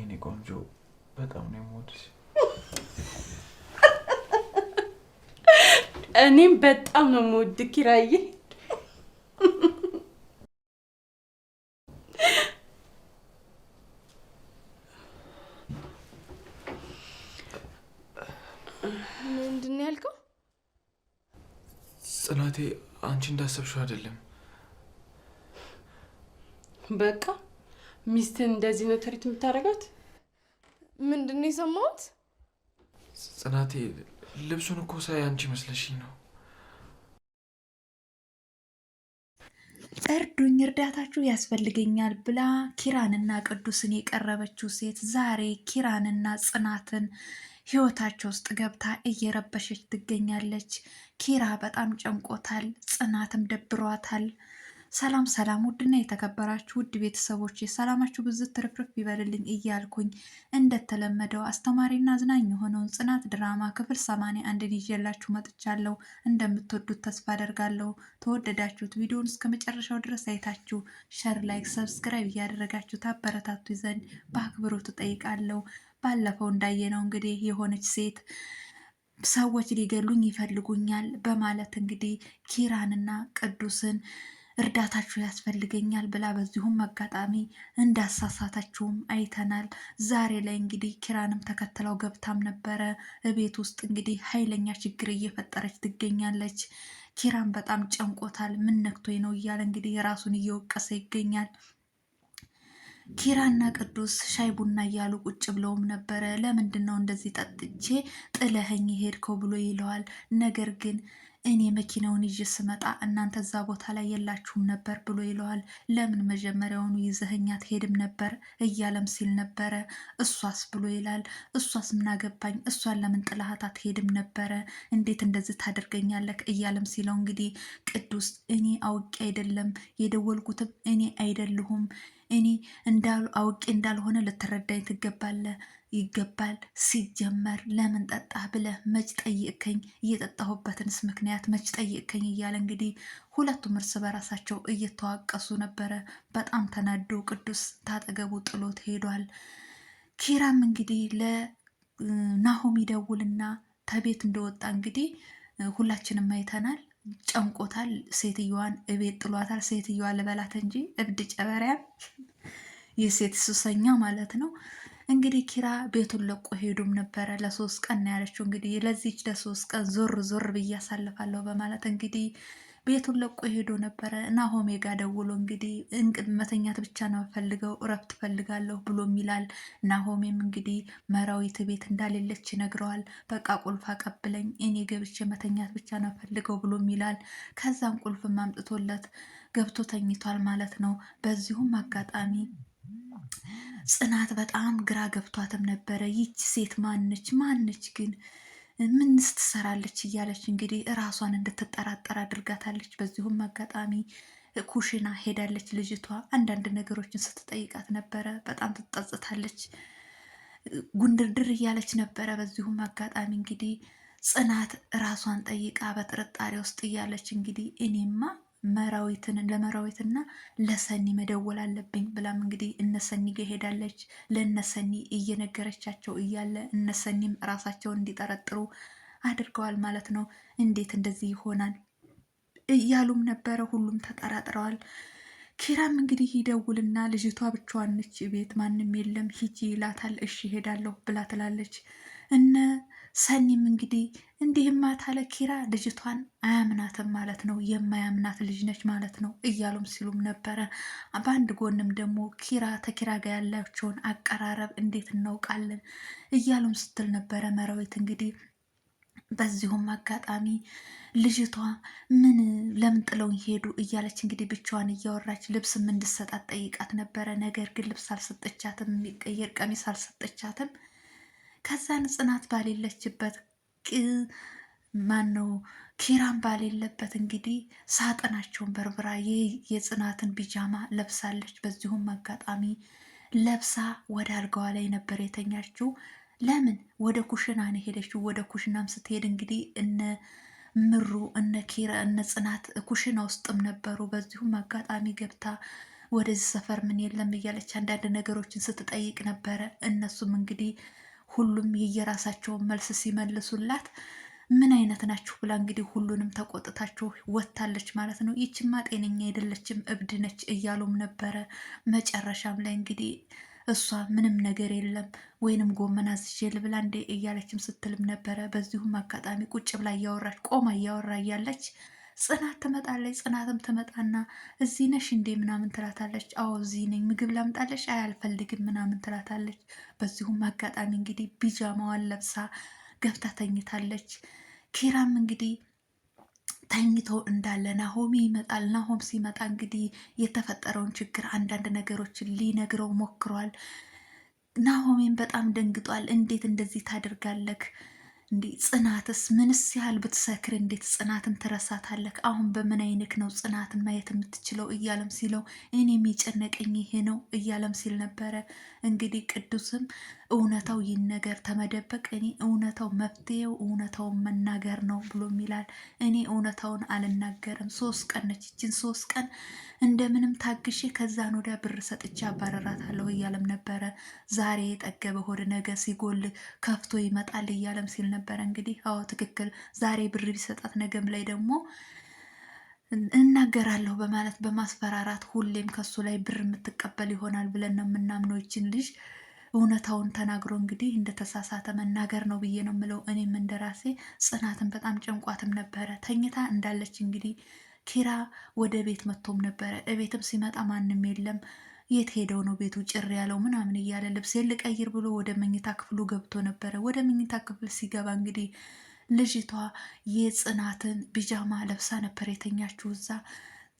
የኔ ቆንጆ በጣም ነው የምወድሽ። እኔም በጣም ነው የምወድ ኪራዬ። ምንድን ያልከው? ጽናቴ አንቺ እንዳሰብሽው አይደለም። በቃ ሚስትን እንደዚህ ነው ትሪት የምታደርጋት? ምንድን ነው የሰማሁት? ጽናቴ ልብሱን እኮ ሳይ አንቺ መስለሽኝ ነው። እርዱኝ፣ እርዳታችሁ ያስፈልገኛል ብላ ኪራንና ቅዱስን የቀረበችው ሴት ዛሬ ኪራንና ጽናትን ህይወታቸው ውስጥ ገብታ እየረበሸች ትገኛለች። ኪራ በጣም ጨንቆታል፣ ጽናትም ደብሯታል። ሰላም ሰላም፣ ውድና የተከበራችሁ ውድ ቤተሰቦች የሰላማችሁ ብዝት ትርፍርፍ ይበልልኝ እያልኩኝ እንደተለመደው አስተማሪና አዝናኝ የሆነውን ጽናት ድራማ ክፍል ሰማንያ አንድን ይዤላችሁ መጥቻለሁ። እንደምትወዱት ተስፋ አደርጋለሁ። ተወደዳችሁት ቪዲዮን እስከ መጨረሻው ድረስ አይታችሁ ሸር፣ ላይክ፣ ሰብስክራይብ እያደረጋችሁ ታበረታቱ ዘንድ በአክብሮት እጠይቃለሁ። ባለፈው እንዳየነው እንግዲህ የሆነች ሴት ሰዎች ሊገሉኝ ይፈልጉኛል በማለት እንግዲህ ኪራንና ቅዱስን እርዳታችሁ ያስፈልገኛል ብላ በዚሁም አጋጣሚ እንዳሳሳታችሁም አይተናል። ዛሬ ላይ እንግዲህ ኪራንም ተከትለው ገብታም ነበረ። እቤት ውስጥ እንግዲህ ኃይለኛ ችግር እየፈጠረች ትገኛለች። ኪራን በጣም ጨንቆታል። ምን ነክቶኝ ነው እያለ እንግዲህ ራሱን እየወቀሰ ይገኛል። ኪራና ቅዱስ ሻይ ቡና እያሉ ቁጭ ብለውም ነበረ። ለምንድን ነው እንደዚህ ጠጥቼ ጥለኸኝ ሄድከው ብሎ ይለዋል። ነገር ግን እኔ መኪናውን ይዤ ስመጣ እናንተ እዛ ቦታ ላይ የላችሁም ነበር ብሎ ይለዋል። ለምን መጀመሪያውኑ ይዘህኛ አትሄድም ነበር እያለም ሲል ነበረ። እሷስ ብሎ ይላል። እሷስ ምናገባኝ እሷን ለምን ጥላሃት አትሄድም ነበረ፣ እንዴት እንደዚህ ታደርገኛለህ እያለም ሲለው እንግዲህ ቅዱስ እኔ አውቄ አይደለም የደወልኩትም እኔ አይደልሁም እኔ አውቄ እንዳልሆነ ልትረዳኝ ትገባለህ ይገባል። ሲጀመር ለምን ጠጣህ ብለህ መች ጠይቅከኝ? እየጠጣሁበትንስ ምክንያት መች ጠይቅከኝ? እያለ እንግዲህ ሁለቱም እርስ በራሳቸው እየተዋቀሱ ነበረ። በጣም ተናዶ ቅዱስ ታጠገቡ ጥሎት ሄዷል። ኪራም እንግዲህ ለናሆም ይደውልና ተቤት እንደወጣ እንግዲህ ሁላችንም አይተናል። ጨንቆታል። ሴትየዋን እቤት ጥሏታል። ሴትየዋ ልበላት እንጂ እብድ ጨበሪያ፣ የሴት ሱሰኛ ማለት ነው። እንግዲህ ኪራ ቤቱን ለቆ ሄዱም ነበረ። ለሶስት ቀን ነው ያለችው። እንግዲህ ለዚች ለሶስት ቀን ዞር ዞር ብዬ አሳልፋለሁ በማለት እንግዲህ ቤቱን ለቆ ሄዶ ነበረ። ናሆሜ ጋ ደውሎ እንግዲህ እንቅድ መተኛት ብቻ ነው ፈልገው እረፍት ፈልጋለሁ ብሎም ይላል። ናሆሜም እንግዲህ መራዊት ቤት እንዳሌለች ይነግረዋል። በቃ ቁልፍ አቀብለኝ እኔ ገብቼ መተኛት ብቻ ነው ፈልገው ብሎም ይላል። ከዛም ቁልፍ ማምጥቶለት ገብቶ ተኝቷል ማለት ነው። በዚሁም አጋጣሚ ጽናት በጣም ግራ ገብቷትም ነበረ። ይች ሴት ማነች? ማነች ግን ምን ስትሰራለች እያለች እንግዲህ እራሷን እንድትጠራጠር አድርጋታለች። በዚሁም አጋጣሚ ኩሽና ሄዳለች ልጅቷ። አንዳንድ ነገሮችን ስትጠይቃት ነበረ። በጣም ትጠጽታለች፣ ጉንድርድር እያለች ነበረ። በዚሁም አጋጣሚ እንግዲህ ጽናት ራሷን ጠይቃ በጥርጣሬ ውስጥ እያለች እንግዲህ እኔማ መራዊትን ለመራዊትና ለሰኒ መደወል አለብኝ ብላም እንግዲህ እነሰኒ ጋ ሄዳለች። ለእነሰኒ እየነገረቻቸው እያለ እነሰኒም ራሳቸውን እንዲጠረጥሩ አድርገዋል ማለት ነው። እንዴት እንደዚህ ይሆናል እያሉም ነበረ። ሁሉም ተጠራጥረዋል። ኪራም እንግዲህ ይደውልና ልጅቷ ብቻዋን ነች ቤት ማንም የለም ሂጂ ይላታል። እሺ ሄዳለሁ ብላ ትላለች። እነ ሰኒም እንግዲህ እንዲህማ ታለ ኪራ ልጅቷን አያምናትም ማለት ነው፣ የማያምናት ልጅ ነች ማለት ነው እያሉም ሲሉም ነበረ። በአንድ ጎንም ደግሞ ኪራ ተኪራ ጋር ያላቸውን አቀራረብ እንዴት እናውቃለን እያሉም ስትል ነበረ መራዊት እንግዲህ በዚሁም አጋጣሚ ልጅቷ ምን ለምን ጥለውኝ ሄዱ እያለች እንግዲህ ብቻዋን እያወራች ልብስም እንድሰጣት ጠይቃት ነበረ። ነገር ግን ልብስ አልሰጠቻትም፣ የሚቀየር ቀሚስ አልሰጠቻትም። ከዛን ጽናት ባሌለችበት ማን ነው ኪራም ባሌለበት እንግዲህ ሳጥናቸውን በርብራ የጽናትን ቢጃማ ለብሳለች። በዚሁም አጋጣሚ ለብሳ ወደ አልጋዋ ላይ ነበር የተኛችው። ለምን ወደ ኩሽና ነው ሄደችው? ወደ ኩሽናም ስትሄድ እንግዲህ እነ ምሩ እነ ኪራ እነ ጽናት ኩሽና ውስጥም ነበሩ። በዚሁም አጋጣሚ ገብታ ወደዚህ ሰፈር ምን የለም እያለች አንዳንድ ነገሮችን ስትጠይቅ ነበረ። እነሱም እንግዲህ ሁሉም የየራሳቸውን መልስ ሲመልሱላት ምን አይነት ናችሁ ብላ እንግዲህ ሁሉንም ተቆጥታችሁ ወታለች ማለት ነው። ይችማ ጤነኛ አይደለችም እብድ ነች እያሉም ነበረ። መጨረሻም ላይ እንግዲህ እሷ ምንም ነገር የለም ወይንም ጎመን አዝዤ ልብላ እንዴ እያለችም ስትልም ነበረ። በዚሁም አጋጣሚ ቁጭ ብላ እያወራች ቆማ እያወራ እያለች ጽናት ትመጣለች። ጽናትም ትመጣና እዚህ ነሽ እንዴ ምናምን ትላታለች። አዎ እዚህ ነኝ። ምግብ ላምጣለች? አይ አልፈልግም ምናምን ትላታለች። በዚሁም አጋጣሚ እንግዲህ ቢጃማዋን ለብሳ ገብታ ተኝታለች። ኪራም እንግዲህ ተኝቶ እንዳለ ናሆሚ ይመጣል። ናሆም ሲመጣ እንግዲህ የተፈጠረውን ችግር አንዳንድ ነገሮችን ሊነግረው ሞክሯል። ናሆሜን በጣም ደንግጧል። እንዴት እንደዚህ ታደርጋለህ እንዴ ጽናትስ ምንስ ያህል ብትሰክር እንዴት ጽናትን ትረሳታለክ? አሁን በምን አይነት ነው ጽናትን ማየት የምትችለው? እያለም ሲለው እኔ የሚጨነቀኝ ይሄ ነው እያለም ሲል ነበረ። እንግዲህ ቅዱስም እውነታው ይህን ነገር ተመደበቅ እኔ እውነታው መፍትሄው እውነታውን መናገር ነው ብሎም ይላል። እኔ እውነታውን አልናገርም። ሶስት ቀን ነች ይችን ሶስት ቀን እንደምንም ታግሼ ከዛን ወዲያ ብር ሰጥቼ አባረራታለሁ እያለም ነበረ። ዛሬ የጠገበ ሆድ ነገ ሲጎል ከፍቶ ይመጣል እያለም ሲል ነበረ። እንግዲህ አዎ ትክክል፣ ዛሬ ብር ቢሰጣት ነገም ላይ ደግሞ እናገራለሁ በማለት በማስፈራራት ሁሌም ከሱ ላይ ብር የምትቀበል ይሆናል ብለን ነው የምናምነው። ይችን ልጅ እውነታውን ተናግሮ እንግዲህ እንደተሳሳተ መናገር ነው ብዬ ነው የምለው። እኔም እንደራሴ ጽናትን በጣም ጨንቋትም ነበረ ተኝታ እንዳለች እንግዲህ ኪራ ወደ ቤት መጥቶም ነበረ። እቤትም ሲመጣ ማንም የለም። የት ሄደው ነው ቤቱ ጭር ያለው ምናምን እያለ ልብሴን ልቀይር ብሎ ወደ መኝታ ክፍሉ ገብቶ ነበረ። ወደ መኝታ ክፍል ሲገባ እንግዲህ ልጅቷ የጽናትን ቢጃማ ለብሳ ነበር የተኛችው እዛ።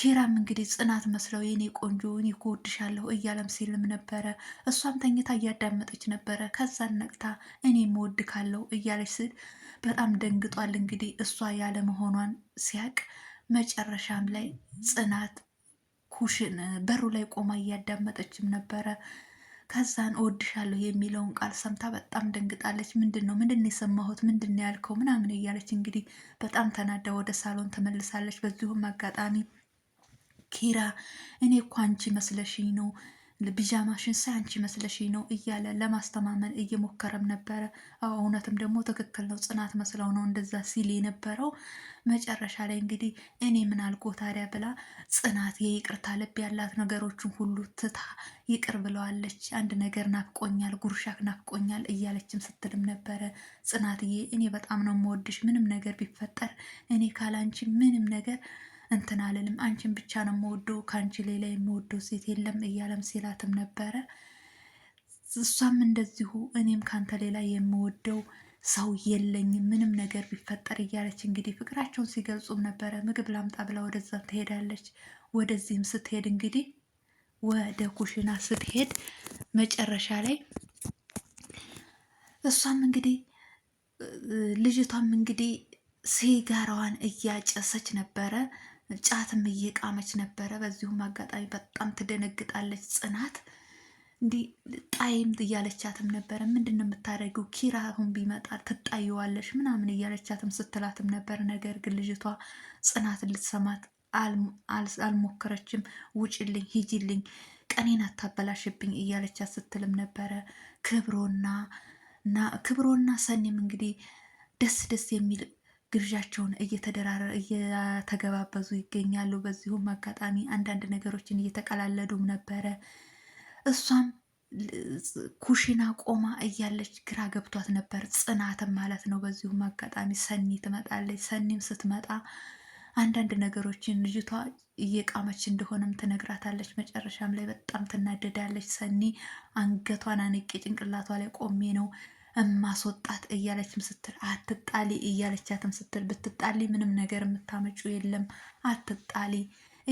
ኪራም እንግዲህ ጽናት መስለው የኔ ቆንጆ እኔ እኮ እወድሻለሁ እያለም ሲልም ነበረ። እሷም ተኝታ እያዳመጠች ነበረ። ከዛን ነቅታ እኔ መወድ ካለው እያለች ስል በጣም ደንግጧል። እንግዲህ እሷ ያለ መሆኗን ሲያቅ መጨረሻም ላይ ጽናት ኩሽን በሩ ላይ ቆማ እያዳመጠችም ነበረ። ከዛን እወድሻለሁ የሚለውን ቃል ሰምታ በጣም ደንግጣለች። ምንድን ነው ምንድን ነው የሰማሁት ምንድን ነው ያልከው ምናምን እያለች እንግዲህ በጣም ተናዳ ወደ ሳሎን ተመልሳለች። በዚሁም አጋጣሚ ኪራ እኔ እኮ አንቺ መስለሽኝ ነው ፒጃማሽን ሳይ አንቺ መስለሽ ነው እያለ ለማስተማመን እየሞከረም ነበረ። እውነትም ደግሞ ትክክል ነው፣ ጽናት መስለው ነው እንደዛ ሲል የነበረው። መጨረሻ ላይ እንግዲህ እኔ ምን አልጎ ታዲያ ብላ ጽናት የይቅርታ ልብ ያላት ነገሮችን ሁሉ ትታ ይቅር ብለዋለች። አንድ ነገር ናፍቆኛል፣ ጉርሻክ ናፍቆኛል እያለችም ስትልም ነበረ። ጽናትዬ እኔ በጣም ነው የምወድሽ፣ ምንም ነገር ቢፈጠር እኔ ካላንቺ ምንም ነገር እንትን አልልም፣ አንቺን ብቻ ነው የምወደው፣ ከአንቺ ሌላ የምወደው ሴት የለም እያለም ሲላትም ነበረ። እሷም እንደዚሁ እኔም ካንተ ሌላ የምወደው ሰው የለኝም ምንም ነገር ቢፈጠር እያለች እንግዲህ ፍቅራቸውን ሲገልጹም ነበረ። ምግብ ላምጣ ብላ ወደዛ ትሄዳለች። ወደዚህም ስትሄድ እንግዲህ ወደ ኩሽና ስትሄድ መጨረሻ ላይ እሷም እንግዲህ ልጅቷም እንግዲህ ሲጋራዋን እያጨሰች ነበረ። ጫትም እየቃመች ነበረ። በዚሁም አጋጣሚ በጣም ትደነግጣለች ጽናት። እንዲህ ጣይም እያለቻትም ነበረ። ምንድን ነው የምታደርጊው? ኪራ አሁን ቢመጣል ትጣየዋለሽ ምናምን እያለቻትም ስትላትም ነበር። ነገር ግን ልጅቷ ጽናት ልትሰማት አልሞከረችም። ውጭልኝ፣ ሂጂልኝ፣ ቀኔን አታበላሽብኝ እያለቻት ስትልም ነበረ። ክብሮና ክብሮና ሰኒም እንግዲህ ደስ ደስ የሚል ግብዣቸውን እየተገባበዙ ይገኛሉ። በዚሁም አጋጣሚ አንዳንድ ነገሮችን እየተቀላለዱም ነበረ። እሷም ኩሽና ቆማ እያለች ግራ ገብቷት ነበር፣ ጽናትም ማለት ነው። በዚሁም አጋጣሚ ሰኒ ትመጣለች። ሰኒም ስትመጣ አንዳንድ ነገሮችን ልጅቷ እየቃመች እንደሆነም ትነግራታለች። መጨረሻም ላይ በጣም ትናደዳለች። ሰኒ አንገቷን አንቄ ጭንቅላቷ ላይ ቆሜ ነው እማስወጣት እያለችም ስትል አትጣሊ እያለቻትም ስትል ብትጣሊ ምንም ነገር የምታመጩ የለም አትጣሊ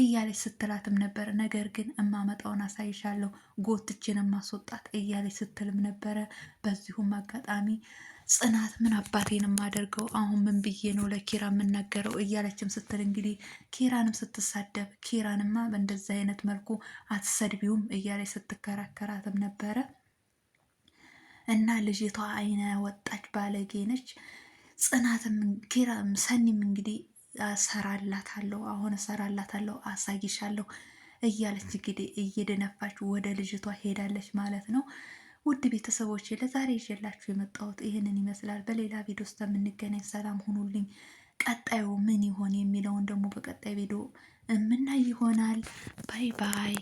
እያለች ስትላትም ነበረ ነገር ግን እማመጣውን አሳይሻለሁ ጎትችን እማስወጣት እያለች ስትልም ነበረ። በዚሁም አጋጣሚ ጽናት ምን አባቴን የማደርገው አሁን ምን ብዬ ነው ለኪራ የምናገረው? እያለችም ስትል እንግዲህ ኪራንም ስትሳደብ ኪራንማ በእንደዚህ አይነት መልኩ አትሰድቢውም እያለች ስትከራከራትም ነበረ። እና ልጅቷ አይነ ወጣች ባለጌ ነች። ጽናትም ኪራም ሰኒም እንግዲህ እሰራላታለሁ አሁን እሰራላታለሁ አለው እያለች እንግዲህ እየደነፋች ወደ ልጅቷ ሄዳለች ማለት ነው። ውድ ቤተሰቦች ለዛሬ ይዤላችሁ የመጣሁት ይህንን ይመስላል። በሌላ ቪዲዮ ውስጥ የምንገናኝ፣ ሰላም ሁኑልኝ። ቀጣዩ ምን ይሆን የሚለውን ደግሞ በቀጣይ ቪዲዮ የምናይ ይሆናል። ባይ ባይ።